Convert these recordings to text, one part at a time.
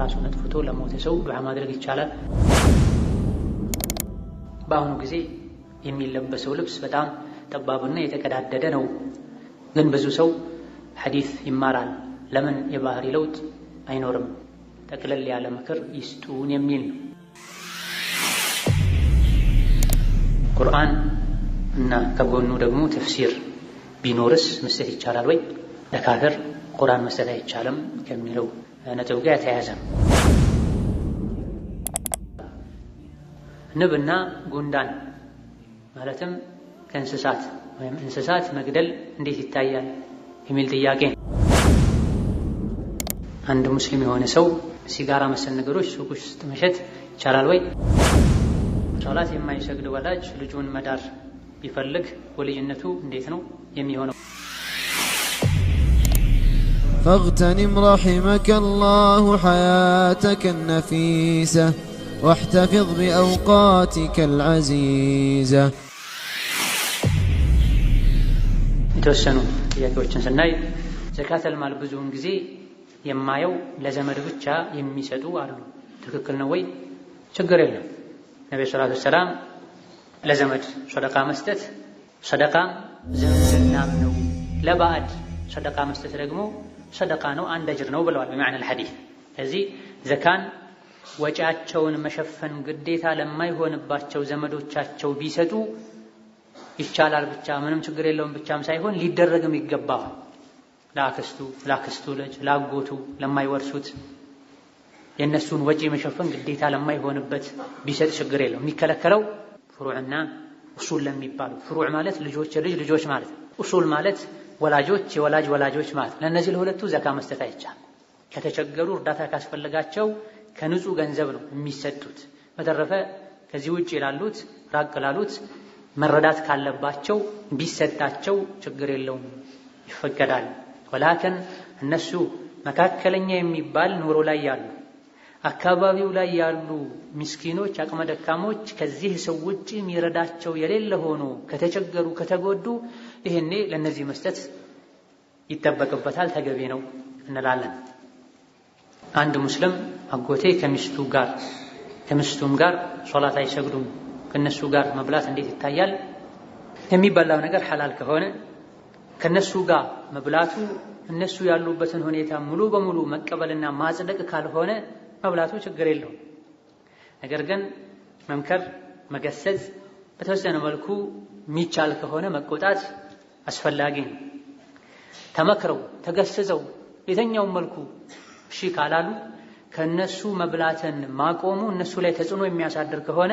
ራሱን አጥፍቶ ለሞተ ሰው ዱዓ ማድረግ ይቻላል። በአሁኑ ጊዜ የሚለበሰው ልብስ በጣም ጠባብና የተቀዳደደ ነው። ግን ብዙ ሰው ሐዲስ ይማራል። ለምን የባህሪ ለውጥ አይኖርም? ጠቅለል ያለ ምክር ይስጡን የሚል ነው። ቁርአን እና ከጎኑ ደግሞ ተፍሲር ቢኖርስ መስጠት ይቻላል ወይ? ለካፍር ቁርአን መስጠት አይቻልም ከሚለው ነጥብ ጋር የተያያዘ ነው። ንብና ጉንዳን ማለትም ከእንስሳት ወይም እንስሳት መግደል እንዴት ይታያል የሚል ጥያቄ ነው። አንድ ሙስሊም የሆነ ሰው ሲጋራ መሰል ነገሮች ሱቅ ውስጥ መሸጥ ይቻላል ወይ? ሶላት የማይሰግድ ወላጅ ልጁን መዳር ቢፈልግ ወልይነቱ እንዴት ነው የሚሆነው? فاغتنم رحمك الله حياتك النفيسة واحتفظ بأوقاتك العزيزة የተወሰኑ ጥያቄዎችን ስናይ ዘካተል ማል ብዙውን ጊዜ የማየው ለዘመድ ብቻ የሚሰጡ አሉ። ትክክል ነው ወይ? ችግር የለም። ነቢ ሰላቱ ሰላም ለዘመድ ሰደቃ መስጠት ሰደቃም ዝምድናም ነው። ለባዕድ ሰደቃ መስጠት ደግሞ ሰደቃ ነው፣ አንድ አጅር ነው ብለዋል። በመዕነል ሐዲስ እዚህ ዘካን ወጪያቸውን መሸፈን ግዴታ ለማይሆንባቸው ዘመዶቻቸው ቢሰጡ ይቻላል ብቻ ምንም ችግር የለውም ብቻም ሳይሆን ሊደረግም ይገባዋል። ለአክስቱ፣ ለአክስቱ ልጅ፣ ለአጎቱ፣ ለማይወርሱት የእነሱን ወጪ መሸፈን ግዴታ ለማይሆንበት ቢሰጥ ችግር የለው የሚከለከለው ፍሩዕና ኡሱል ለሚባሉ ፍሩዕ ማለት ልጆች ልጅ ልጆች ማለት ኡሱል ማለት ወላጆች የወላጅ ወላጆች ማለት ለእነዚህ ለሁለቱ ዘካ መስጠት አይቻልም። ከተቸገሩ እርዳታ ካስፈለጋቸው ከንጹህ ገንዘብ ነው የሚሰጡት። በተረፈ ከዚህ ውጭ ላሉት ራቅ ላሉት መረዳት ካለባቸው ቢሰጣቸው ችግር የለውም፣ ይፈቀዳል። ወላከን እነሱ መካከለኛ የሚባል ኑሮ ላይ ያሉ አካባቢው ላይ ያሉ ምስኪኖች፣ አቅመ ደካሞች ከዚህ ሰው ውጭ የሚረዳቸው የሌለ ሆኖ ከተቸገሩ ከተጎዱ ይሄኔ ለእነዚህ መስጠት ይጠበቅበታል፣ ተገቢ ነው እንላለን። አንድ ሙስልም አጎቴ ከሚስቱ ጋር ከሚስቱም ጋር ሶላት አይሰግዱም፣ ከነሱ ጋር መብላት እንዴት ይታያል? የሚበላው ነገር ሐላል ከሆነ ከነሱ ጋር መብላቱ እነሱ ያሉበትን ሁኔታ ሙሉ በሙሉ መቀበልና ማጽደቅ ካልሆነ መብላቱ ችግር የለውም። ነገር ግን መምከር፣ መገሰጽ በተወሰነ መልኩ የሚቻል ከሆነ መቆጣት አስፈላጊ ነው። ተመክረው ተገስዘው የተኛውን መልኩ እሺ ካላሉ ከእነሱ መብላትን ማቆሙ እነሱ ላይ ተጽዕኖ የሚያሳድር ከሆነ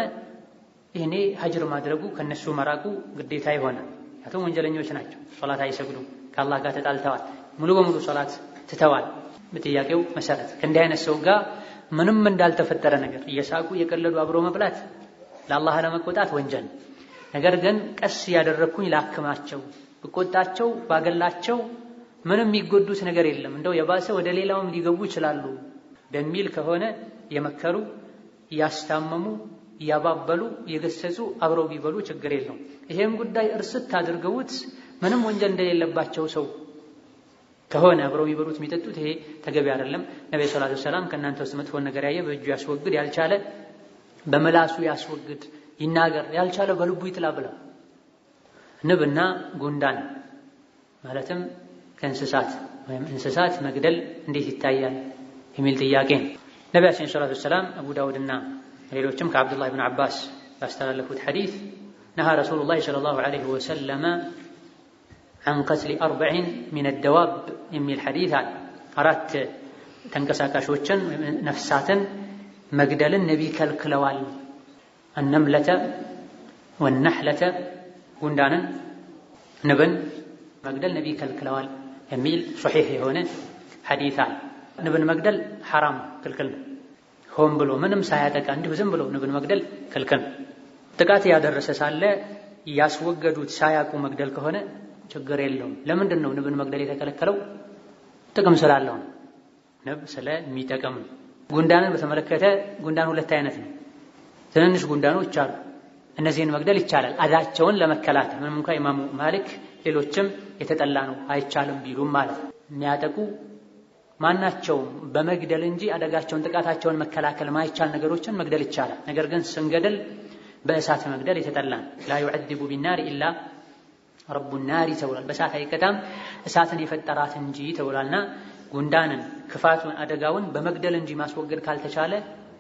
ይህኔ ሀጅር ማድረጉ ከእነሱ መራቁ ግዴታ ይሆናል። ምክንያቱም ወንጀለኞች ናቸው። ሶላት አይሰግዱም፣ ከአላህ ጋር ተጣልተዋል፣ ሙሉ በሙሉ ሶላት ትተዋል። በጥያቄው መሰረት ከእንዲህ አይነት ሰው ጋር ምንም እንዳልተፈጠረ ነገር እየሳቁ የቀለዱ አብሮ መብላት ለአላህ ለመቆጣት ወንጀል ነገር ግን ቀስ እያደረግኩኝ ላክማቸው ብቆጣቸው ባገላቸው ምንም የሚጎዱት ነገር የለም፣ እንደው የባሰ ወደ ሌላውም ሊገቡ ይችላሉ በሚል ከሆነ የመከሩ ያስታመሙ ያባበሉ የገሰጹ አብረው ቢበሉ ችግር የለው። ይሄም ጉዳይ እርስት አድርገውት ምንም ወንጀል እንደሌለባቸው ሰው ከሆነ አብረው ቢበሉት የሚጠጡት ይሄ ተገቢ አይደለም። ነብዩ ሰለላሁ ዐለይሂ ወሰለም ከእናንተ ውስጥ መጥፎን ነገር ያየ በእጁ ያስወግድ፣ ያልቻለ በመላሱ ያስወግድ፣ ይናገር፣ ያልቻለ በልቡ ይጥላ ብላ نبنا قندان مالتم كنسسات وهم انسسات مجدل انديه التايان هميل تياكين نبي عليه الصلاة والسلام أبو داود النام غير وشمك عبد الله بن عباس أستغل له الحديث نهى رسول الله صلى الله عليه وسلم عن قتل أربع من الدواب يمي الحديث عن أردت تنقسى كاشوشا نفساتا مقدل النبي كالكلوال النملة والنحلة ጉንዳንን ንብን መግደል ነቢይ ከልክለዋል የሚል ሶሒሕ የሆነ ሐዲት አለ። ንብን መግደል ሐራም ክልክል ነው። ሆን ብሎ ምንም ሳያጠቃ እንዲሁ ዝም ብሎ ንብን መግደል ክልክል ነው። ጥቃት እያደረሰ ሳለ ያስወገዱት ሳያውቁ መግደል ከሆነ ችግር የለውም። ለምንድን ነው ንብን መግደል የተከለከለው? ጥቅም ስላለው ነው። ንብ ስለሚጠቅም ነው። ጉንዳንን በተመለከተ ጉንዳን ሁለት አይነት ነው። ትንንሽ ጉንዳኖች አሉ። እነዚህን መግደል ይቻላል፣ አዳቸውን ለመከላከል ምንም እንኳ ኢማሙ ማሊክ ሌሎችም የተጠላ ነው አይቻልም ቢሉም ማለት ነው። የሚያጠቁ ማናቸውም በመግደል እንጂ አደጋቸውን ጥቃታቸውን መከላከል ማይቻል ነገሮችን መግደል ይቻላል። ነገር ግን ስንገደል በእሳት መግደል የተጠላ ነው። ላ ዩዐዚቡ ቢናር ኢላ ረቡ ናሪ ተብሏል። በእሳት አይቀጣም እሳትን የፈጠራት እንጂ ተብሏልና ጉንዳንን፣ ክፋቱን፣ አደጋውን በመግደል እንጂ ማስወገድ ካልተቻለ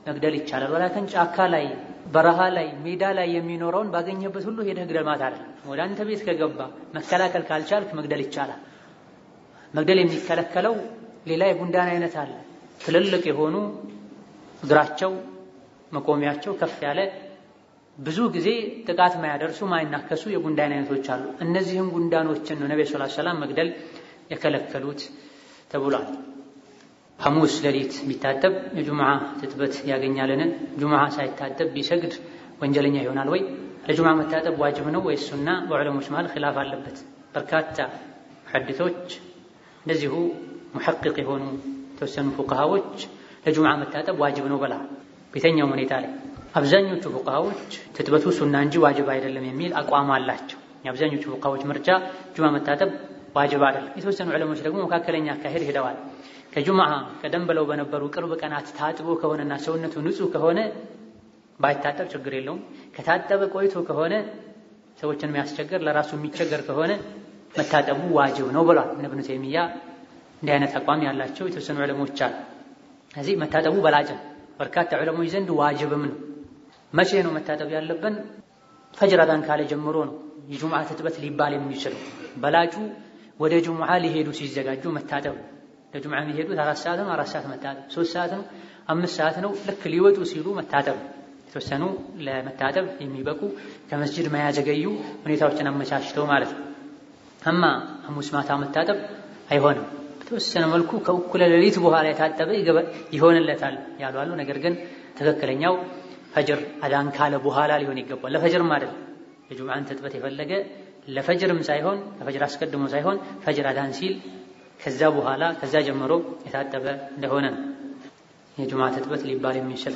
መግደል ይቻላል። ወላከን ጫካ ላይ፣ በረሃ ላይ፣ ሜዳ ላይ የሚኖረውን ባገኘበት ሁሉ ሄደህ ግደል ማለት አይደለም። ወደ አንተ ቤት ከገባ መከላከል ካልቻልክ መግደል ይቻላል። መግደል የሚከለከለው ሌላ የጉንዳን አይነት አለ። ትልልቅ የሆኑ እግራቸው መቆሚያቸው ከፍ ያለ ብዙ ጊዜ ጥቃት ማያደርሱ ማይናከሱ የጉንዳን አይነቶች አሉ። እነዚህም ጉንዳኖችን ነው ነብዩ ሰለላሁ ዐለይሂ ወሰለም መግደል የከለከሉት ተብሏል። ሐሙስ ሌሊት ቢታጠብ የጁምዓ ትጥበት ያገኛልን? ጁምዓ ሳይታጠብ ቢሰግድ ወንጀለኛ ይሆናል ወይ? ለጁምዓ መታጠብ ዋጅብ ነው ወይስ ሱና? በዑለሞች መሃል ኺላፍ አለበት። በርካታ ሐዲቶች እንደዚሁ ሙሐቂቅ የሆኑ የተወሰኑ ፉቅሃዎች ለጁምዓ መታጠብ ዋጅብ ነው በላ ቤተኛውም ሁኔታ ላይ አብዛኞቹ ፉቅሃዎች ትጥበቱ ሱና እንጂ ዋጅብ አይደለም የሚል አቋም አላቸው። የአብዛኞቹ ፉቅሃዎች ምርጫ ጁምዓ መታጠብ ዋጅብ አይደለም። የተወሰኑ ዑለሞች ደግሞ መካከለኛ አካሄድ ሄደዋል። ከጁምዓ ቀደም ብለው በነበሩ ቅርብ ቀናት ታጥቦ ከሆነና ሰውነቱ ንጹህ ከሆነ ባይታጠብ ችግር የለውም። ከታጠበ ቆይቶ ከሆነ ሰዎችን የሚያስቸግር ለራሱ የሚቸገር ከሆነ መታጠቡ ዋጅብ ነው ብሏል። እብኑ ተይሚያ እንዲህ አይነት አቋም ያላቸው የተወሰኑ ዕለሞች አሉ። እዚህ መታጠቡ በላጭም በርካታ ዕለሞች ዘንድ ዋጅብም ነው። መቼ ነው መታጠብ ያለብን? ፈጅር አዛን ካለ ጀምሮ ነው የጁምዓ ትጥበት ሊባል የሚችለው። በላጩ ወደ ጁምዓ ሊሄዱ ሲዘጋጁ መታጠብ ለጁምዓ የሚሄዱት አራት ሰዓት ነው። አራት ሰዓት መታጠብ፣ ሶስት ሰዓት ነው፣ አምስት ሰዓት ነው። ልክ ሊወጡ ሲሉ መታጠብ። የተወሰኑ ለመታጠብ የሚበቁ ከመስጅድ ማያዘገዩ ሁኔታዎችን አመቻችተው ማለት ነው። አማ ሐሙስ ማታ መታጠብ አይሆንም። በተወሰነ መልኩ ከእኩለ ሌሊት በኋላ የታጠበ ይሆንለታል ያሉ አሉ። ነገር ግን ትክክለኛው ፈጅር አዳን ካለ በኋላ ሊሆን ይገባል። ለፈጅርም አይደለም የጁምዓን ትጥበት የፈለገ ለፈጅርም ሳይሆን ለፈጅር አስቀድሞ ሳይሆን ፈጅር አዳን ሲል ከዛ በኋላ ከዛ ጀምሮ የታጠበ እንደሆነ የጁማ ትጥበት ሊባል የሚችል።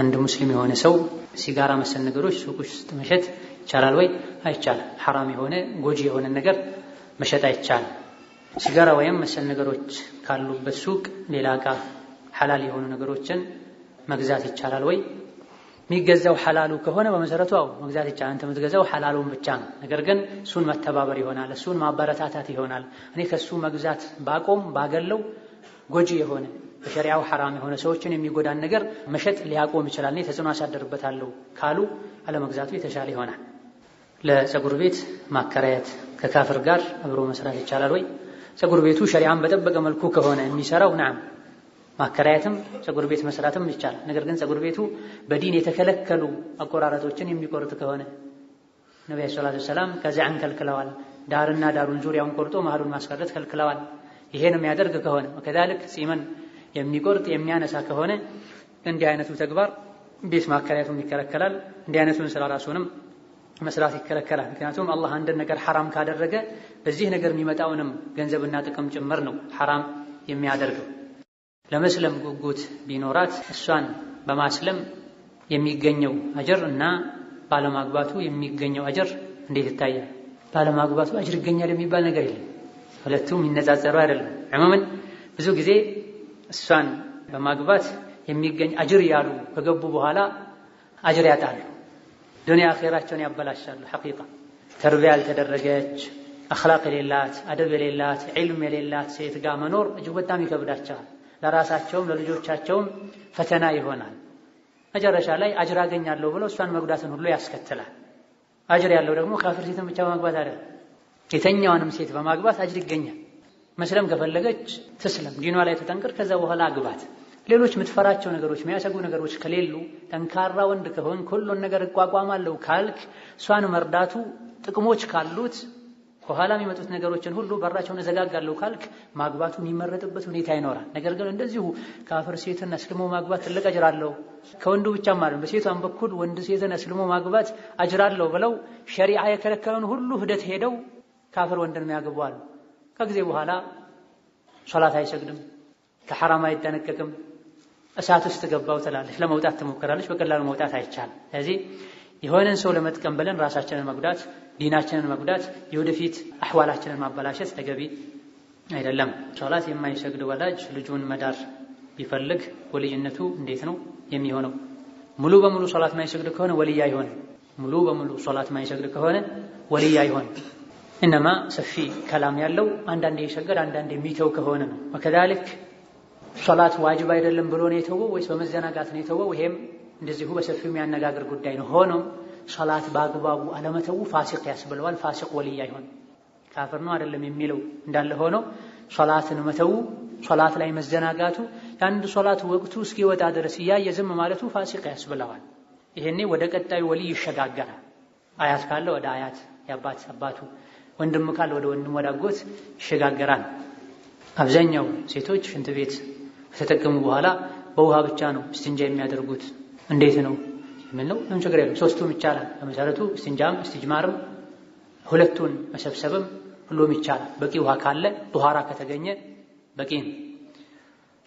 አንድ ሙስሊም የሆነ ሰው ሲጋራ መሰል ነገሮች ሱቅ ውስጥ መሸጥ ይቻላል ወይ? አይቻልም። ሐራም የሆነ ጎጂ የሆነ ነገር መሸጥ አይቻልም። ሲጋራ ወይም መሰል ነገሮች ካሉበት ሱቅ ሌላ እቃ ሐላል የሆኑ ነገሮችን መግዛት ይቻላል ወይ? የሚገዛው ሐላሉ ከሆነ በመሰረቱ አው መግዛት ይቻላል። አንተ የምትገዛው ሐላሉን ብቻ ነው። ነገር ግን እሱን መተባበር ይሆናል፣ እሱን ማበረታታት ይሆናል። እኔ ከሱ መግዛት ባቆም ባገለው ጎጂ የሆነ በሸሪያው ሐራም የሆነ ሰዎችን የሚጎዳን ነገር መሸጥ ሊያቆም ይችላል። እኔ ተጽዕኖ አሳደርበታለሁ ካሉ አለመግዛቱ የተሻለ ይሆናል። ለጸጉር ቤት ማከራየት ከካፍር ጋር አብሮ መስራት ይቻላል ወይ? ፀጉር ቤቱ ሸሪዓን በጠበቀ መልኩ ከሆነ የሚሰራው ናም ማከራየትም ፀጉር ቤት መስራትም ይቻላል። ነገር ግን ፀጉር ቤቱ በዲን የተከለከሉ አቆራረጦችን የሚቆርጥ ከሆነ ነቢዩ ሰለላሁ ዐለይሂ ወሰለም ከዚያን ከልክለዋል። ዳርና ዳሩን ዙሪያውን ቆርጦ መሀሉን ማስቀረት ከልክለዋል። ይሄን የሚያደርግ ከሆነ ከዛልክ ጺምን የሚቆርጥ የሚያነሳ ከሆነ እንዲህ አይነቱ ተግባር ቤት ማከራየቱም ይከለከላል። እንዲህ አይነቱን ስራ ራሱንም መስራት ይከለከላል። ምክንያቱም አላህ አንድን ነገር ሐራም ካደረገ በዚህ ነገር የሚመጣውንም ገንዘብና ጥቅም ጭምር ነው ሐራም የሚያደርገው። ለመስለም ጉጉት ቢኖራት እሷን በማስለም የሚገኘው አጀር እና ባለማግባቱ የሚገኘው አጀር እንዴት ይታያል? ባለማግባቱ አጅር ይገኛል የሚባል ነገር የለም። ሁለቱም ይነጻጸሩ አይደለም። ዕሙምን ብዙ ጊዜ እሷን በማግባት የሚገኝ አጅር ያሉ ከገቡ በኋላ አጅር ያጣሉ። ዱንያ አኼራቸውን ያበላሻሉ። ሐቂቃ ተርቢያ ያልተደረገች አኽላቅ የሌላት አደብ የሌላት ዒልም የሌላት ሴት ጋር መኖር እጅግ በጣም ይከብዳቸዋል። ለራሳቸውም ለልጆቻቸውም ፈተና ይሆናል። መጨረሻ ላይ አጅር አገኛለሁ ብለው እሷን መጉዳትን ሁሉ ያስከትላል። አጅር ያለው ደግሞ ካፍር ሴትን ብቻ በማግባት አይደለም፣ የተኛዋንም ሴት በማግባት አጅር ይገኛል። መስለም ከፈለገች ትስለም፣ ዲኗ ላይ ተጠንቅር፣ ከዛ በኋላ አግባት። ሌሎች የምትፈራቸው ነገሮች የሚያሰጉ ነገሮች ከሌሉ ጠንካራ ወንድ ከሆን ሁሉን ነገር እቋቋማለሁ ካልክ እሷን መርዳቱ ጥቅሞች ካሉት ከኋላ የሚመጡት ነገሮችን ሁሉ በራቸውን እዘጋጋለሁ ካልክ ማግባቱ የሚመረጥበት ሁኔታ ይኖራል። ነገር ግን እንደዚሁ ከአፈር ሴትን አስልሞ ማግባት ትልቅ አጅር አለው ከወንዱ ብቻ ማለት በሴቷን በኩል ወንድ ሴትን አስልሞ ማግባት አጅር አለው ብለው ሸሪዓ የከለከለውን ሁሉ ሂደት ሄደው ከአፈር ወንድን ያገባዋል። ከጊዜ በኋላ ሶላት አይሰግድም፣ ከሐራም አይጠነቀቅም፣ እሳት ውስጥ ገባው ትላለች። ለመውጣት ትሞክራለች፣ በቀላሉ መውጣት አይቻልም። ስለዚህ የሆነን ሰው ለመጥቀም ብለን ራሳችንን መጉዳት፣ ዲናችንን መጉዳት፣ የወደፊት አህዋላችንን ማበላሸት ተገቢ አይደለም። ሶላት የማይሰግድ ወላጅ ልጁን መዳር ቢፈልግ ወልይነቱ እንዴት ነው የሚሆነው? ሙሉ በሙሉ ሶላት የማይሰግድ ከሆነ ወልያ ይሆን ሙሉ በሙሉ ሶላት የማይሰግድ ከሆነ ወልያ አይሆንም። እነማ ሰፊ ከላም ያለው አንዳንዴ የሰገድ አንዳንዴ የሚተው ከሆነ ነው። ወከዛልክ ሶላት ዋጅብ አይደለም ብሎ ነው የተወው ወይስ በመዘናጋት ነው የተወው? ይሄም እንደዚሁ በሰፊው የሚያነጋግር ጉዳይ ነው። ሆኖም ሶላት በአግባቡ አለመተው ፋሲቅ ያስብለዋል። ፋሲቅ ወልይ አይሆን ካፍር ነው አይደለም የሚለው እንዳለ ሆኖ ሶላትን መተው፣ ሶላት ላይ መዘናጋቱ፣ የአንድ ሶላት ወቅቱ እስኪወጣ ድረስ እያየ ዝም ማለቱ ፋሲቅ ያስብለዋል። ይሄኔ ወደ ቀጣዩ ወልይ ይሸጋገራል። አያት ካለ ወደ አያት የአባት አባቱ ወንድም ካለ ወደ ወንድም ወደ አጎት ይሸጋገራል። አብዛኛው ሴቶች ሽንት ቤት ከተጠቀሙ በኋላ በውሃ ብቻ ነው እስትንጃ የሚያደርጉት። እንዴት ነው ምን ነው ምንም ችግር የለም። ሶስቱም ይቻላል። በመሰረቱ እስትንጃም እስትጅማርም ሁለቱን መሰብሰብም ሁሉም ይቻላል። በቂ ውሃ ካለ ጧሃራ ከተገኘ በቂ ነው።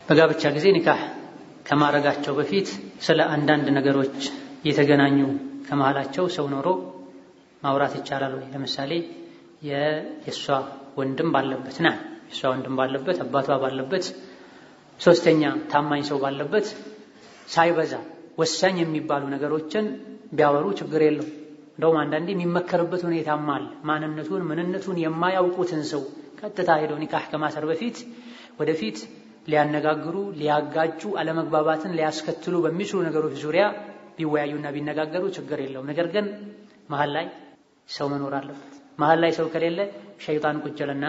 በጋብቻ ጊዜ ኒካህ ከማድረጋቸው በፊት ስለ አንዳንድ ነገሮች የተገናኙ ከመሃላቸው ሰው ኖሮ ማውራት ይቻላል ወይ? ለምሳሌ የእሷ ወንድም ባለበት ና የእሷ ወንድም ባለበት አባቷ ባለበት ሶስተኛ ታማኝ ሰው ባለበት ሳይበዛ ወሳኝ የሚባሉ ነገሮችን ቢያወሩ ችግር የለው። እንደውም አንዳንዴ የሚመከርበት ሁኔታም አለ። ማንነቱን ምንነቱን የማያውቁትን ሰው ቀጥታ ሄደው ኒካህ ከማሰር በፊት ወደፊት ሊያነጋግሩ፣ ሊያጋጩ፣ አለመግባባትን ሊያስከትሉ በሚችሉ ነገሮች ዙሪያ ቢወያዩና ቢነጋገሩ ችግር የለውም። ነገር ግን መሀል ላይ ሰው መኖር አለበት። መሀል ላይ ሰው ከሌለ ሸይጣን ቁጭልና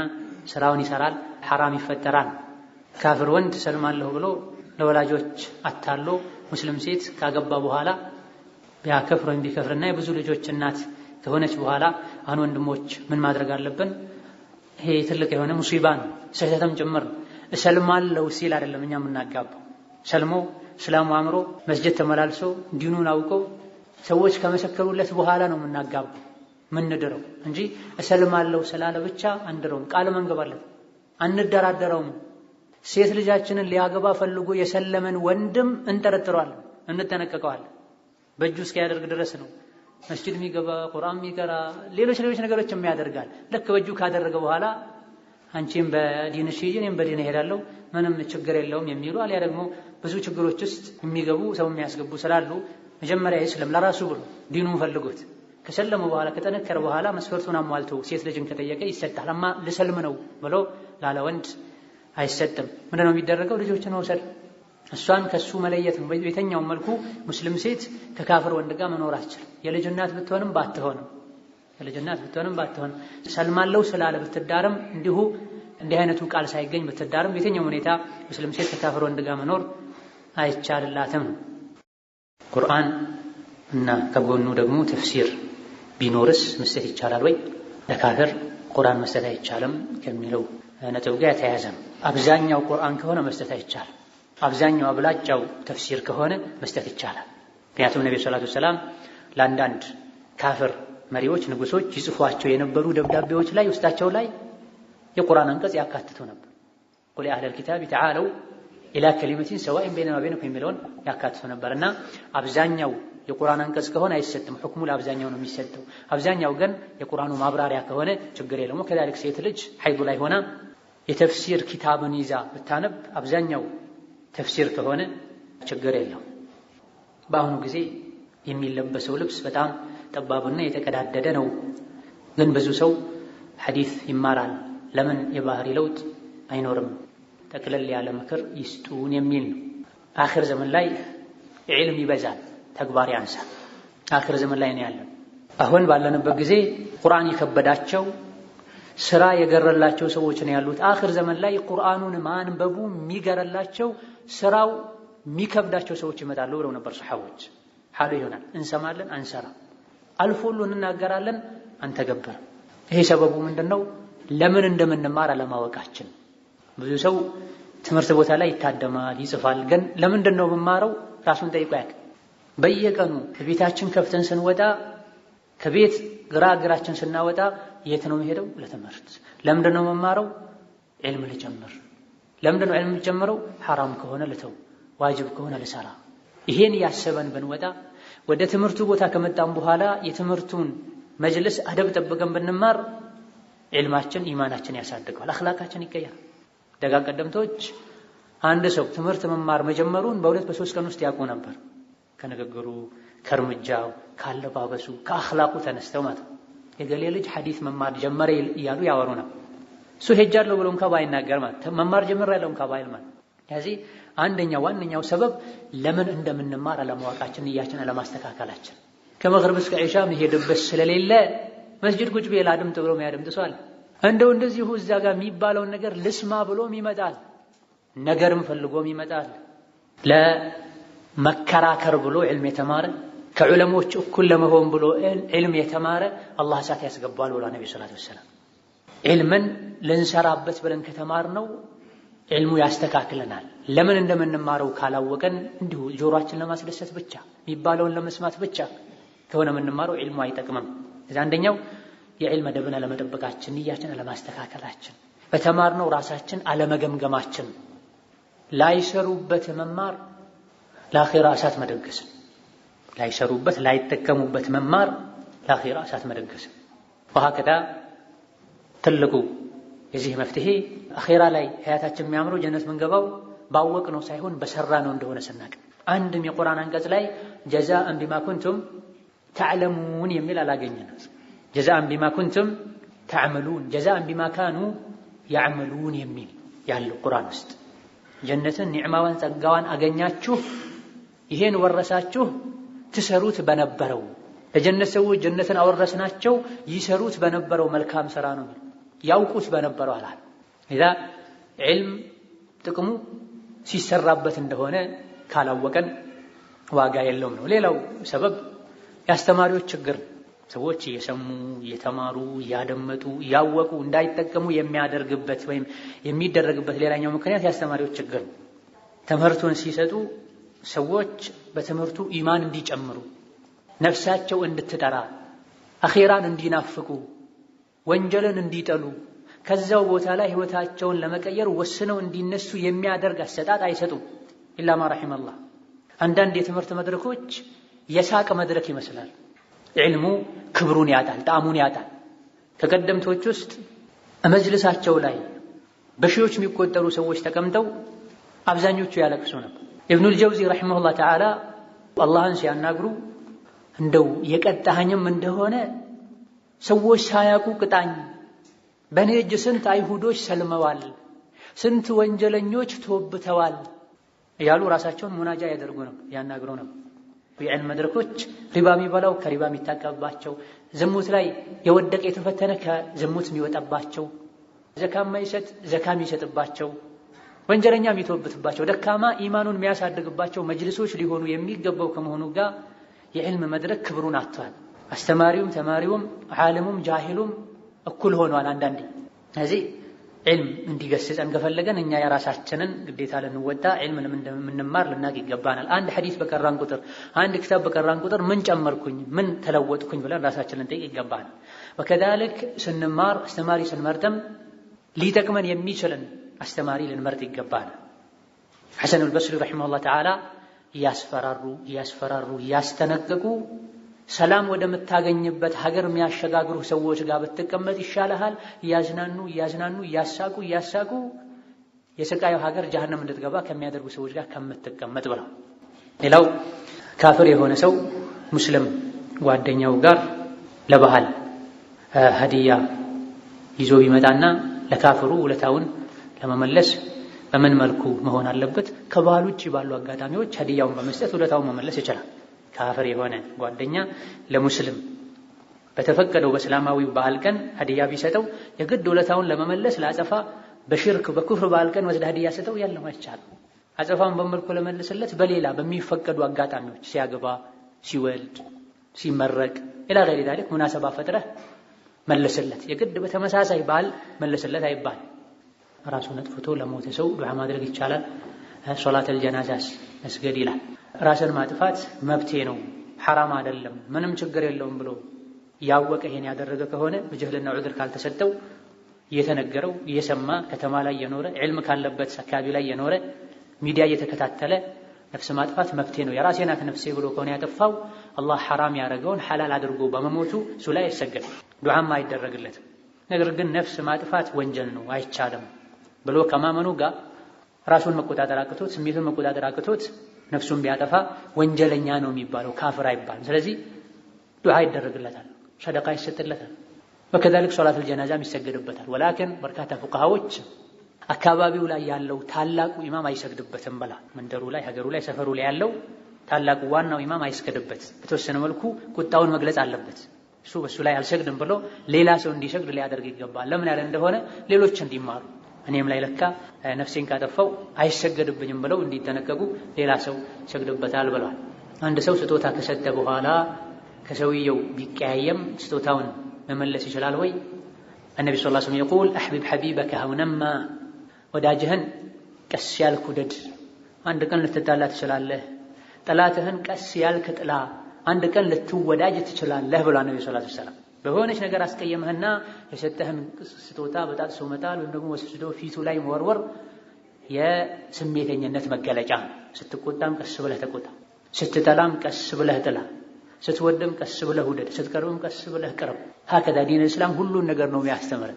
ስራውን ይሰራል፣ ሐራም ይፈጠራል። ካፍር ወንድ ሰልማለሁ ብሎ ለወላጆች አታሎ ሙስሊም ሴት ካገባ በኋላ ቢያከፍር ወይም ቢከፍርና የብዙ ልጆች እናት ከሆነች በኋላ አሁን ወንድሞች ምን ማድረግ አለብን? ይሄ ትልቅ የሆነ ሙሲባ ነው፣ ስህተትም ጭምር እሰልማለሁ ሲል አይደለም እኛ የምናጋባው። ሰልሞ እስላሙ አምሮ መስጀድ ተመላልሶ ዲኑን አውቆ ሰዎች ከመሰከሩለት በኋላ ነው የምናጋባው ምንድረው እንጂ እሰልማለው ስላለ ብቻ አንድረውም፣ ቃል መንገባለት አንደራደረውም። ሴት ልጃችንን ሊያገባ ፈልጎ የሰለመን ወንድም እንጠረጥሯል እንጠነቀቀዋል። በእጁ እስኪያደርግ ድረስ ነው መስጅድ የሚገባ ቁርአን የሚቀራ ሌሎች ሌሎች ነገሮች የሚያደርጋል። ልክ በእጁ ካደረገ በኋላ አንቺም በዲን ሂጂ እኔም በዲን እሄዳለሁ ምንም ችግር የለውም የሚሉ አልያ ደግሞ ብዙ ችግሮች ውስጥ የሚገቡ ሰው የሚያስገቡ ስላሉ መጀመሪያ ይስለም ለራሱ ብሎ ዲኑን ፈልጎት ከሰለመ በኋላ ከጠነከረ በኋላ መስፈርቱን አሟልቶ ሴት ልጅን ከጠየቀ ይሰጣል። አማ ልሰልም ነው ብሎ ላለ ወንድ አይሰጥም። ምንድነው የሚደረገው? ልጆችን መውሰድ እሷን ከሱ መለየት ነው። በየትኛውም መልኩ ሙስሊም ሴት ከካፍር ወንድ ጋር መኖር አትችልም። የልጅ እናት ብትሆንም ባትሆንም የልጅ እናት ብትሆንም ባትሆንም ሰልማለው ስላለ ብትዳርም እንዲሁ እንዲህ አይነቱ ቃል ሳይገኝ ብትዳርም በየትኛውም ሁኔታ ሙስሊም ሴት ከካፍር ወንድ ጋር መኖር አይቻልላትም። ቁርአን እና ከጎኑ ደግሞ ተፍሲር ቢኖርስ መስጠት ይቻላል ወይ? ለካፍር ቁርአን መስጠት አይቻልም ከሚለው ነጥብ ጋር የተያያዘ አብዛኛው ቁርአን ከሆነ መስጠት አይቻልም። አብዛኛው አብላጫው ተፍሲር ከሆነ መስጠት ይቻላል። ምክንያቱም ነቢ ሰላቱ ሰላም ለአንዳንድ ካፍር መሪዎች፣ ንጉሶች ይጽፏቸው የነበሩ ደብዳቤዎች ላይ ውስጣቸው ላይ የቁርአን አንቀጽ ያካትቱ ነበር። ቁል አህለል ኪታብ ተዓለው ኢላ ከሊመቲን ሰዋኢን በይነና ወበይነኩም የሚለውን ያካትቱ ነበር እና አብዛኛው የቁርአን አንቀጽ ከሆነ አይሰጥም። ሁክሙ ለአብዛኛው ነው የሚሰጠው። አብዛኛው ግን የቁርአኑ ማብራሪያ ከሆነ ችግር የለውም። ከዛ ሴት ልጅ ሐይዱ ላይ ሆና የተፍሲር ኪታብን ይዛ ብታነብ አብዛኛው ተፍሲር ከሆነ ችግር የለው። በአሁኑ ጊዜ የሚለበሰው ልብስ በጣም ጠባብና የተቀዳደደ ነው። ግን ብዙ ሰው ሐዲስ ይማራል። ለምን የባህሪ ለውጥ አይኖርም? ጠቅለል ያለ ምክር ይስጡን የሚል ነው። አኽር ዘመን ላይ ዒልም ይበዛል፣ ተግባር ያንሳል። አክር ዘመን ላይ ነው ያለው። አሁን ባለንበት ጊዜ ቁርአን የከበዳቸው ስራ የገረላቸው ሰዎች ነው ያሉት። አኽር ዘመን ላይ ቁርአኑን ማንበቡ የሚገረላቸው ስራው የሚከብዳቸው ሰዎች ይመጣሉ ብለው ነበር ሰሓቦች። ሓሉ ይሆናል እንሰማለን፣ አንሰራ አልፎ ሁሉ እንናገራለን፣ አንተገብርም። ይሄ ሰበቡ ምንድን ነው? ለምን እንደምንማር አለማወቃችን። ብዙ ሰው ትምህርት ቦታ ላይ ይታደማል፣ ይጽፋል። ግን ለምንድን ነው የምማረው? ራሱን ጠይቆ ያቅ በየቀኑ ከቤታችን ከፍተን ስንወጣ ከቤት ግራ ግራችን ስናወጣ የት ነው የምሄደው? ለትምህርት። ለምንድን ነው መማረው? ዕልም ልጨምር። ለምንድን ነው ዕልም ልጨምረው? ሐራም ከሆነ ልተው፣ ዋጅብ ከሆነ ልሰራ። ይሄን ያሰበን ብንወጣ ወደ ትምህርቱ ቦታ ከመጣም በኋላ የትምህርቱን መጅልስ አደብ ጠብቀን ብንማር ዕልማችን ኢማናችን ያሳድገዋል፣ አኽላቃችን ይቀየራል። ደጋ ቀደምቶች አንድ ሰው ትምህርት መማር መጀመሩን በሁለት በሶስት ቀን ውስጥ ያውቁ ነበር። ከንግግሩ፣ ከእርምጃው፣ ካለባበሱ፣ ከአኽላቁ ተነስተው ማለት ነው። የገሌ ልጅ ሐዲስ መማር ጀመረ እያሉ ያወሩ ነው። እሱ ሄጃለሁ ብሎ እንኳ ባይናገር ማለት መማር ጀምሬያለሁ እንኳ ባይል ማለት። ስለዚህ አንደኛው ዋነኛው ሰበብ ለምን እንደምንማር አለማወቃችን፣ ንያችን አለማስተካከላችን። ከመግሪብ እስከ ዒሻ መሄድበት ስለሌለ መስጂድ ቁጭ ብዬ ላድምጥ ብሎ የሚያድምጥ ሰው አለ። እንደው እንደዚሁ እዛ ጋር የሚባለውን ነገር ልስማ ብሎም ይመጣል። ነገርም ፈልጎም ይመጣል። ለመከራከር ብሎ ዕልም የተማረ ከዑለሞች እኩል ለመሆን ብሎ ዕልም የተማረ አላህ እሳት ያስገባል ብሏ ነቢ ሰላት ወሰላም። ዕልምን ልንሰራበት ብለን ከተማርነው ዕልሙ ያስተካክለናል። ለምን እንደምንማረው ካላወቀን እንዲሁ ጆሮአችን ለማስደሰት ብቻ የሚባለውን ለመስማት ብቻ ከሆነ የምንማረው ዕልሙ አይጠቅምም። እዚ አንደኛው የዕልም መደብን አለመጠበቃችን፣ ንያችን አለማስተካከላችን፣ በተማርነው ራሳችን አለመገምገማችን፣ ላይሰሩበት መማር ለአኼራ እሳት መደገስን ላይሰሩበት ላይጠቀሙበት መማር ለአኺራ እሳት መደገስ። ወሀከዳ ትልቁ የዚህ መፍትሄ አኼራ ላይ ሀያታችን የሚያምረው ጀነት ምንገባው ባወቅ ነው ሳይሆን በሰራ ነው እንደሆነ ስናቅ። አንድም የቁርአን አንቀጽ ላይ ጀዛአን ቢማ ኩንቱም ተዕለሙን የሚል አላገኘንም። ጀዛአን ቢማ ኩንቱም ተዕመሉን፣ ጀዛአን ቢማ ካኑ ያዕመሉን የሚል ያለው ቁርአን ውስጥ ጀነትን ኒዕማዋን ጸጋዋን አገኛችሁ ይሄን ወረሳችሁ ትሰሩት በነበረው ለጀነት ሰዎች ጀነትን አወረስናቸው ይሰሩት በነበረው መልካም ስራ ነው ያውቁት በነበረው አላል ኢዛ ዒልም ጥቅሙ ሲሰራበት እንደሆነ ካላወቀን ዋጋ የለውም ነው። ሌላው ሰበብ የአስተማሪዎች ችግር ሰዎች እየሰሙ እየተማሩ እያደመጡ እያወቁ እንዳይጠቀሙ የሚያደርግበት ወይም የሚደረግበት ሌላኛው ምክንያት የአስተማሪዎች ችግር ነው። ትምህርቱን ሲሰጡ ሰዎች በትምህርቱ ኢማን እንዲጨምሩ፣ ነፍሳቸው እንድትጠራ፣ አኼራን እንዲናፍቁ፣ ወንጀልን እንዲጠሉ፣ ከዛው ቦታ ላይ ህይወታቸውን ለመቀየር ወስነው እንዲነሱ የሚያደርግ አሰጣጥ አይሰጡም። ኢላማ ረሒመላህ። አንዳንድ የትምህርት መድረኮች የሳቅ መድረክ ይመስላል። ዕልሙ ክብሩን ያጣል፣ ጣዕሙን ያጣል። ከቀደምቶች ውስጥ መጅልሳቸው ላይ በሺዎች የሚቆጠሩ ሰዎች ተቀምጠው አብዛኞቹ ያለቅሱ ነበር። ኢብኑል ጀውዚ ረሒመሁላህ ተዓላ አላህን ሲያናግሩ እንደው የቀጣኸኝም እንደሆነ ሰዎች ሳያውቁ ቅጣኝ። በእኔ እጅ ስንት አይሁዶች ሰልመዋል፣ ስንት ወንጀለኞች ተወብተዋል እያሉ ራሳቸውን ሙናጃ ያደርጉ ነው ያናግሩ ነው። የዕልም መድረኮች ሪባ የሚበላው ከሪባ የሚታቀብባቸው፣ ዝሙት ላይ የወደቀ የተፈተነ ከዝሙት የሚወጣባቸው፣ ዘካ የማይሰጥ ዘካ የሚሰጥባቸው ወንጀለኛ የሚተወብትባቸው ደካማ ኢማኑን የሚያሳድግባቸው መጅልሶች ሊሆኑ የሚገባው ከመሆኑ ጋር የዕልም መድረክ ክብሩን አጥቷል። አስተማሪውም ተማሪውም ዓለሙም ጃሂሉም እኩል ሆኗል። አንዳንዴ ስለዚህ ዕልም እንዲገስጸን ከፈለገን እኛ የራሳችንን ግዴታ ልንወጣ ዕልም ምንማር ልናቅ ይገባናል። አንድ ሐዲስ በቀራን ቁጥር፣ አንድ ክታብ በቀራን ቁጥር ምን ጨመርኩኝ፣ ምን ተለወጥኩኝ ብለን ራሳችን ልንጠይቅ ይገባናል። ወከዛልክ ስንማር አስተማሪ ስንመርጥም ሊጠቅመን የሚችልን አስተማሪ ልንመርጥ ይገባል። ሐሰኑል በስሪ ረሒመሁላህ ተዓላ እያስፈራሩ እያስፈራሩ እያስተነቀቁ ሰላም ወደምታገኝበት ሀገር የሚያሸጋግሩ ሰዎች ጋር ብትቀመጥ ይሻልሃል፣ እያዝናኑ እያዝናኑ እያሳቁ እያሳቁ የስቃዩ ሀገር ጀሃነም እንድትገባ ከሚያደርጉ ሰዎች ጋር ከምትቀመጥ ብለው። ሌላው ካፍር የሆነ ሰው ሙስልም ጓደኛው ጋር ለባህል ሀዲያ ይዞ ቢመጣና ለካፍሩ ውለታውን ለመመለስ በምን መልኩ መሆን አለበት? ከባህል ውጭ ባሉ አጋጣሚዎች ሀዲያውን በመስጠት ውለታውን መመለስ ይችላል። ካፍር የሆነ ጓደኛ ለሙስሊም በተፈቀደው በእስላማዊ ባህል ቀን ሀዲያ ቢሰጠው የግድ ውለታውን ለመመለስ ለአጸፋ በሽርክ በኩፍር ባህል ቀን ወስደ ሀዲያ ሰጠው ያለም አይቻልም። አጸፋውን በመልኩ ለመልስለት በሌላ በሚፈቀዱ አጋጣሚዎች ሲያገባ፣ ሲወልድ፣ ሲመረቅ ኢላ ገሪ ዛሊክ ሙናሰባ ፈጥረህ መልስለት። የግድ በተመሳሳይ ባህል መለስለት አይባል ራሱን አጥፍቶ ለሞተ ሰው ዱዓ ማድረግ ይቻላል። ሶላተል ጀናዛስ መስገድ ይላል። ራስን ማጥፋት መብቴ ነው ሐራም አይደለም ምንም ችግር የለውም ብሎ ያወቀ ይሄን ያደረገ ከሆነ በጅህልና ዑድር ካልተሰጠው እየተነገረው እየሰማ ከተማ ላይ የኖረ ዕልም ካለበት አካባቢ ላይ የኖረ ሚዲያ እየተከታተለ ነፍስ ማጥፋት መብቴ ነው የራሴ ናት ነፍሴ ብሎ ከሆነ ያጠፋው አላህ ሐራም ያደረገውን ሐላል አድርጎ በመሞቱ እሱ ላይ አይሰገድም፣ ዱዓም አይደረግለትም። ነገር ግን ነፍስ ማጥፋት ወንጀል ነው፣ አይቻልም ብሎ ከማመኑ ጋር ራሱን መቆጣጠር አቅቶት ስሜቱን መቆጣጠር አቅቶት ነፍሱን ቢያጠፋ ወንጀለኛ ነው የሚባለው፣ ካፍር አይባልም። ስለዚህ ዱዓ ይደረግለታል፣ ሰደቃ ይሰጥለታል፣ ወከዛልክ ሶላት አልጀናዛም ይሰግድበታል። ወላኪን በርካታ ፉቃሃዎች አካባቢው ላይ ያለው ታላቁ ኢማም አይሰግድበትም ብላ መንደሩ ላይ ሀገሩ ላይ ሰፈሩ ላይ ያለው ታላቁ ዋናው ኢማም አይስገድበት፣ በተወሰነ መልኩ ቁጣውን መግለጽ አለበት። እሱ በሱ ላይ አልሰግድም ብሎ ሌላ ሰው እንዲሰግድ ሊያደርግ ይገባል። ለምን ያለ እንደሆነ ሌሎች እንዲማሩ እኔም ላይ ለካ ነፍሴን ካጠፋው አይሰገድብኝም ብለው እንዲጠነቀቁ ሌላ ሰው ይሰግድበታል ብለዋል። አንድ ሰው ስጦታ ከሰጠ በኋላ ከሰውየው ቢቀያየም ስጦታውን መመለስ ይችላል ወይ? አነቢ ሰለላሁ ላ ወሰለም ይቁል አህቢብ ሐቢበከ ሀውነማ፣ ወዳጅህን ቀስ ያልክ ውደድ፣ አንድ ቀን ልትጣላ ትችላለህ። ጠላትህን ቀስ ያልክ ጥላ፣ አንድ ቀን ልትወዳጅ ትችላለህ ብሏል ነቢ ስ ላ ሰላም በሆነች ነገር አስቀየመህና የሰጠህን ስጦታ በጣጥሶ መጣል ወይም ደግሞ ወስዶ ፊቱ ላይ መወርወር የስሜተኝነት መገለጫ። ስትቆጣም ቀስ ብለህ ተቆጣ፣ ስትጠላም ቀስ ብለህ ጥላ፣ ስትወድም ቀስ ብለህ ውደድ፣ ስትቀርብም ቀስ ብለህ ቅርብ ሀከዛ ዲን እስላም ሁሉን ነገር ነው የሚያስተምር።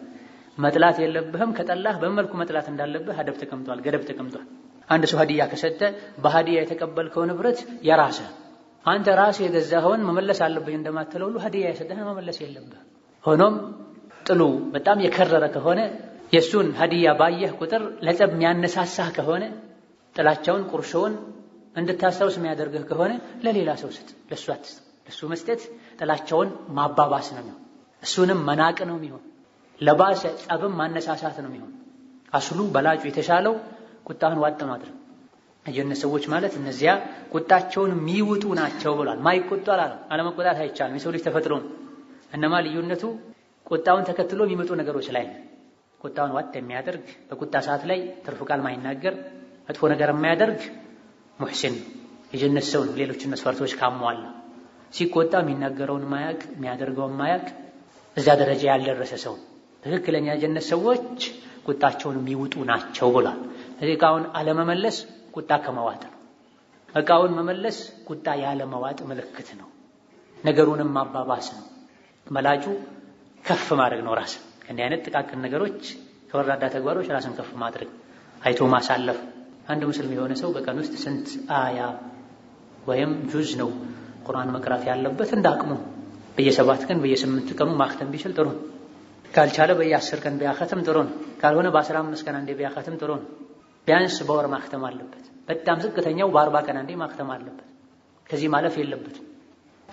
መጥላት የለብህም። ከጠላህ በመልኩ መጥላት እንዳለብህ አደብ ተቀምጧል፣ ገደብ ተቀምጧል። አንድ ሰው ሀዲያ ከሰጠ በሀዲያ የተቀበልከው ንብረት የራስህ አንተ ራስህ የገዛኸውን መመለስ አለብኝ እንደማትለው ሁሉ ሀዲያ የሰጠህን መመለስ የለብህ። ሆኖም ጥሉ በጣም የከረረ ከሆነ የእሱን ሀዲያ ባየህ ቁጥር ለጸብ የሚያነሳሳህ ከሆነ ጥላቻውን፣ ቁርሾውን እንድታስታውስ የሚያደርግህ ከሆነ ለሌላ ሰው ስጥ፣ ለእሱ አትስጥ። ለእሱ መስጠት ጥላቻውን ማባባስ ነው የሚሆን፣ እሱንም መናቅ ነው የሚሆን፣ ለባሰ ጸብም ማነሳሳት ነው የሚሆን። አስሉ በላጩ የተሻለው ቁጣህን ዋጥ ማድረግ የጀነት ሰዎች ማለት እነዚያ ቁጣቸውን የሚውጡ ናቸው ብሏል። ማይቆጡ አላለም። አለመቆጣት አይቻልም። የሰው ልጅ ተፈጥሮ ነው። እነማ ልዩነቱ ቁጣውን ተከትሎ የሚመጡ ነገሮች ላይ ቁጣውን ዋጥ የሚያደርግ በቁጣ ሰዓት ላይ ትርፍ ቃል ማይናገር መጥፎ ነገር የማያደርግ ሙሕሲን ነው። የጀነት ሰው ነው። ሌሎችን መስፈርቶች ካሟላ ሲቆጣ የሚናገረውን ማያቅ የሚያደርገውን ማያቅ እዛ ደረጃ ያልደረሰ ሰው ትክክለኛ የጀነት ሰዎች ቁጣቸውን የሚውጡ ናቸው ብሏል። ቃውን አለመመለስ ቁጣ ከመዋጥ ነው። እቃውን መመለስ ቁጣ ያለ መዋጥ ምልክት ነው። ነገሩንም ማባባስ ነው። መላጩ ከፍ ማድረግ ነው። ራስ ከእንዲህ አይነት ጥቃቅን ነገሮች ከወራዳ ተግባሮች ራስን ከፍ ማድረግ፣ አይቶ ማሳለፍ። አንድ ሙስሊም የሆነ ሰው በቀን ውስጥ ስንት አያ ወይም ጁዝ ነው ቁርአን መቅራት ያለበት? እንደ አቅሙ በየሰባት ቀን በየስምንት ቀኑ ማክተም ቢችል ጥሩ ነው። ካልቻለ በየአስር ቀን ቢያከትም ጥሩ ነው። ካልሆነ በአስራ አምስት ቀን አንዴ ቢያከትም ጥሩ ነው። ቢያንስ በወር ማክተም አለበት። በጣም ዝቅተኛው በአርባ ቀን አንዴ ማክተም አለበት። ከዚህ ማለፍ የለበትም።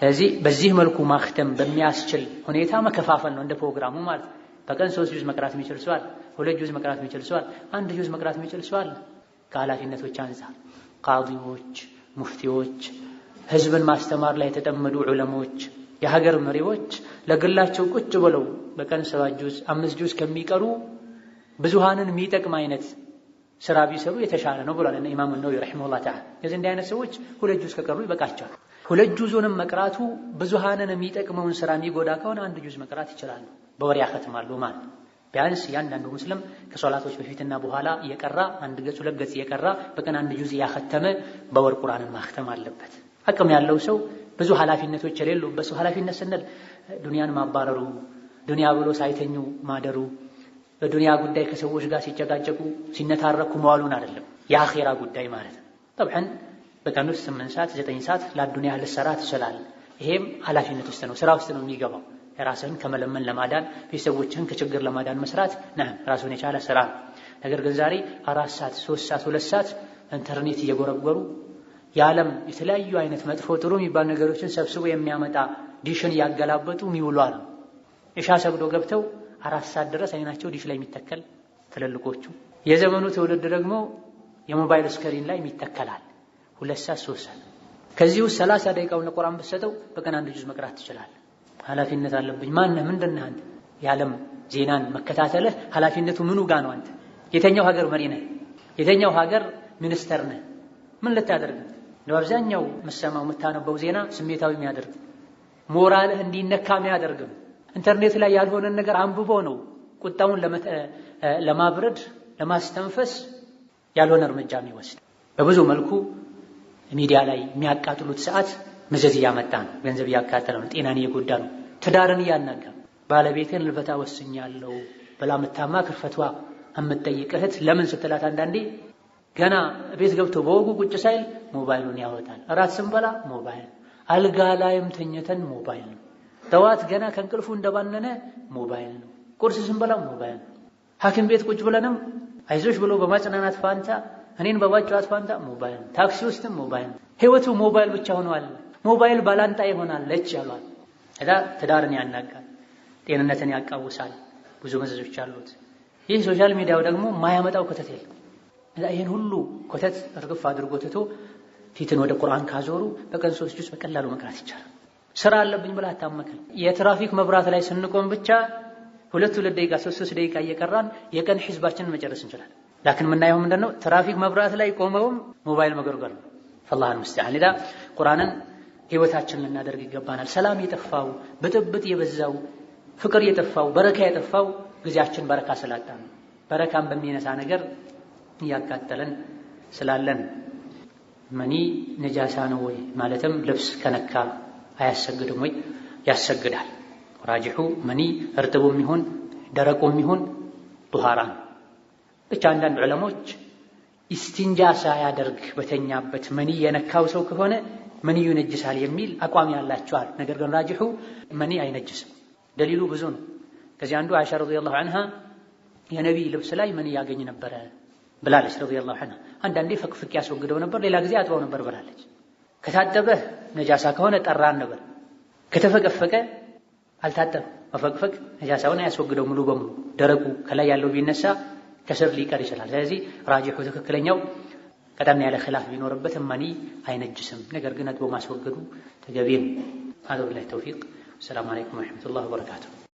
ስለዚህ በዚህ መልኩ ማክተም በሚያስችል ሁኔታ መከፋፈል ነው እንደ ፕሮግራሙ ማለት። በቀን ሶስት ጁዝ መቅራት የሚችል ሰዋል፣ ሁለት ጁዝ መቅራት የሚችል ሰዋል፣ አንድ ጁዝ መቅራት የሚችል ሰዋል። ከሀላፊነቶች ከኃላፊነቶች አንፃር ቃዲዎች፣ ሙፍቲዎች፣ ህዝብን ማስተማር ላይ የተጠመዱ ዑለሞች፣ የሀገር መሪዎች ለግላቸው ቁጭ ብለው በቀን ሰባት ጁዝ አምስት ጁዝ ከሚቀሩ ብዙሃንን የሚጠቅም አይነት ስራ ቢሰሩ የተሻለ ነው ብሏል እና ኢማም ነወዊ ረሂመሁላህ ተዓላ። የዚህ እንዲህ አይነት ሰዎች ሁለት ጁዝ ከቀሩ ይበቃቸዋል። ሁለት ጁዙንም መቅራቱ ብዙሃንን የሚጠቅመውን ስራ የሚጎዳ ከሆነ አንድ ጁዝ መቅራት ይችላሉ። በወር ያከትማሉ ማለት ቢያንስ እያንዳንዱ ሙስልም ከሶላቶች በፊትና በኋላ እየቀራ አንድ ገጽ ሁለት ገጽ እየቀራ በቀን አንድ ጁዝ እያከተመ በወር ቁርአንን ማክተም አለበት። አቅም ያለው ሰው ብዙ ኃላፊነቶች የሌሉበት ሰው ኃላፊነት ስንል ዱንያን ማባረሩ፣ ዱንያ ብሎ ሳይተኙ ማደሩ በዱንያ ጉዳይ ከሰዎች ጋር ሲጨጋጨቁ ሲነታረኩ መዋሉን አይደለም፣ የአኼራ ጉዳይ ማለት ነው። ጠብሐን በቀን ውስጥ ስምንት ሰዓት ዘጠኝ ሰዓት ለአዱንያ ልሰራ ትችላል። ይሄም ኃላፊነት ውስጥ ነው፣ ስራ ውስጥ ነው የሚገባው። የራስህን ከመለመን ለማዳን ቤተሰቦችህን ከችግር ለማዳን መስራት ነህ፣ ራሱን የቻለ ስራ ነው። ነገር ግን ዛሬ አራት ሰዓት ሶስት ሰዓት ሁለት ሰዓት ኢንተርኔት እየጎረጎሩ የዓለም የተለያዩ አይነት መጥፎ ጥሩ የሚባል ነገሮችን ሰብስቦ የሚያመጣ ዲሽን እያገላበጡ ሚውሏል። ኢሻ ሰግዶ ገብተው አራት ሰዓት ድረስ አይናቸው ዲሽ ላይ የሚተከል ትልልቆቹ። የዘመኑ ትውልድ ደግሞ የሞባይል ስክሪን ላይ የሚተከላል። ሁለት ሰዓት ሶስት ሰዓት። ከዚህ ውስጥ ሰላሳ ደቂቃውን ለቁርአን ብትሰጠው በቀን አንድ ጁዝ መቅራት ትችላል። ኃላፊነት አለብኝ። ማነህ? ምንድነህ? አንተ የዓለም ዜናን መከታተልህ ኃላፊነቱ ምኑ ጋ ነው? አንተ የተኛው ሀገር መሪ ነህ? የተኛው ሀገር ሚኒስተር ነህ? ምን ልታደርግ አብዛኛው የምትሰማው የምታነበው ዜና ስሜታዊ የሚያደርግ ሞራልህ እንዲነካ የሚያደርግም ኢንተርኔት ላይ ያልሆነን ነገር አንብቦ ነው ቁጣውን ለማብረድ ለማስተንፈስ ያልሆነ እርምጃ የሚወስድ። በብዙ መልኩ ሚዲያ ላይ የሚያቃጥሉት ሰዓት መዘዝ እያመጣ ነው። ገንዘብ እያካተለ ነው። ጤናን እየጎዳ ነው። ትዳርን እያናጋ ባለቤትን ልፈታ ወስኛለሁ ብላ ምታማ ክርፈቷ የምትጠይቅ እህት ለምን ስትላት አንዳንዴ ገና ቤት ገብቶ በወጉ ቁጭ ሳይል ሞባይሉን ያወጣል። እራት ስንበላ ሞባይል፣ አልጋ ላይም ተኝተን ሞባይል ነው። ጠዋት ገና ከእንቅልፉ እንደባነነ ሞባይል ነው። ቁርስ ስንበላ ሞባይል ነው። ሐኪም ቤት ቁጭ ብለንም አይዞሽ ብሎ በማጽናናት ፋንታ እኔን በማጫወት ፋንታ ሞባይል ነው። ታክሲ ውስጥም ሞባይል ነው። ህይወቱ ሞባይል ብቻ ሆኗል። ሞባይል ባላንጣ ይሆናለች ያሏል። እዛ ትዳርን ያናጋል፣ ጤንነትን ያቃውሳል። ብዙ መዘዞች አሉት። ይህ ሶሻል ሚዲያው ደግሞ ማያመጣው ኮተት የለም። ይህን ሁሉ ኮተት እርግፍ አድርጎ ትቶ ፊትን ወደ ቁርአን ካዞሩ በቀን ሶስት ጁዝ በቀላሉ መቅራት ይቻላል። ስራ አለብኝ ብላ አታመክል። የትራፊክ መብራት ላይ ስንቆም ብቻ ሁለት ሁለት ደቂቃ ሶስት ሶስት ደቂቃ እየቀራን የቀን ህዝባችን መጨረስ እንችላለን። ላክን የምናየው ምንድን ነው? ትራፊክ መብራት ላይ ቆመውም ሞባይል መገርገር ነው። ፈላህ ልምስቲን ሌላ ቁርአንን ህይወታችን ልናደርግ ይገባናል። ሰላም የጠፋው ብጥብጥ የበዛው ፍቅር የጠፋው በረካ የጠፋው ጊዜያችን በረካ ስላጣ ነው። በረካን በሚነሳ ነገር እያቃጠለን ስላለን መኒ ነጃሳ ነው ወይ ማለትም ልብስ ከነካ አያሰግድም ወይ? ያሰግዳል። ራጅሑ መኒ እርጥቡ የሚሆን ደረቁ የሚሆን ጡሃራ ነው። ብቻ አንዳንድ ዑለሞች ኢስቲንጃ ሳያደርግ በተኛበት መኒ የነካው ሰው ከሆነ መኒ ይነጅሳል የሚል አቋም ያላቸዋል። ነገር ግን ራጅሑ መኒ አይነጅስም። ደሊሉ ብዙ ነው። ከዚህ አንዱ አይሻ ረዲየላሁ አንሃ የነቢይ ልብስ ላይ መኒ ያገኝ ነበረ ብላለች። ረዲየላሁ አንሃ አንዳንዴ ፈቅፍቅ ያስወግደው ነበር፣ ሌላ ጊዜ አጥባው ነበር ብላለች። ከታጠበህ ነጃሳ ከሆነ ጠራን ነበር። ከተፈቀፈቀ አልታጠብም። መፈቅፈቅ ነጃሳውን አያስወግደው ሙሉ በሙሉ ደረቁ ከላይ ያለው ቢነሳ ከስር ሊቀር ይችላል። ስለዚህ ራጅሑ ትክክለኛው ቀጠም ያለ ኺላፍ ቢኖርበት መኒ አይነጅስም። ነገር ግን አጥቦ ማስወገዱ ተገቢ ነው። አላህ ተውፊቅ። ሰላም አለይኩም ወረሕመቱላህ ወበረካቱሁ